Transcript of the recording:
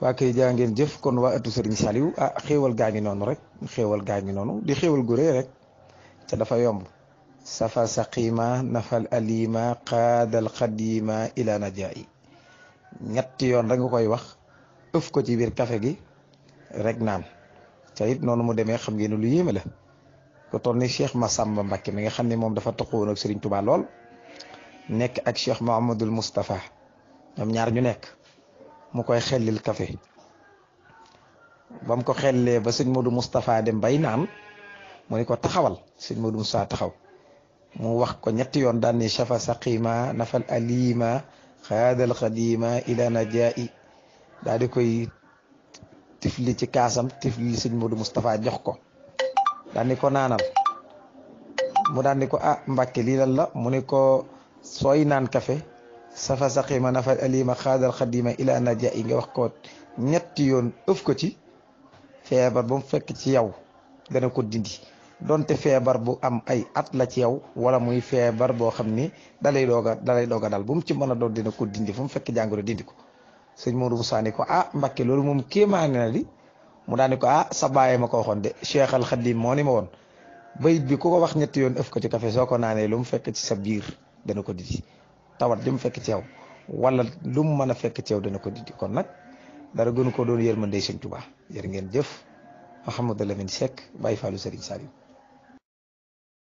waa kay jaa ngeen jëf kon waa ëttu sëriñ Saliou ah xéewal gaa ngi noonu rek xéewal gaa ngi noonu di xéewal gure rek te dafa yomb safa saqima nafal alima qaadal qadima ila najaayi ñetti yoon rek nga koy wax ëf ko ci biir kafe gi rek naan te it noonu mu demee xam ngeen lu yéeme la ko toll ni Cheikh Massamba Mbacké mi nga xam ne moom dafa toqoon ak sëriñ Touba lool nekk ak Cheikh Mouhamadul mustafa ñoom ñaar ñu nekk mu koy xellil café bam ko xelle ba seigne Modou mustapha dem bay nan mo ni ko taxawal seigne Modou Moustapha taxaw mu wax ko ñett yoon dan ni shafa saqima nafal alima al qadima ila najai dal di koy tifli ci kasam tifli seigne Modou mustapha jox ko daan ni ko nanal mu daan ni ko ah mbacke li lan la mu ni ko soy nan café safa saqima nafal alima xaadal xadima ila naja yi nga wax ko ñetti yoon ëf ko ci feebar bu mu fekk ci yow dana ko dindi donte feebar bu am ay at la ci yow wala muy feebar boo xam dalay doog a dalay doog a dal bu mu ci mën a dina ko dindi fu mu fekk jàngoro dindi ko sëñ Modou Moussa ko ah Mbakke loolu moom kéemaane na li mu daane ah sa bàyyi ma ko de Cheikh Al Khadim moo ni ma woon bayit bi ku ko wax ñetti yoon ëf ko ci kafe soo ko lu mu fekk ci sa biir dana ko dindi tawat li mu fekk ci yow wala lu mu mën a fekk ci yow dana ko dindi kon nag dara gënu ko doon yërmande Sëñ Tuubaa jërë ngeen jëf a xam Mouhamadou Lamine Seck Baye Fallou Serigne Saliou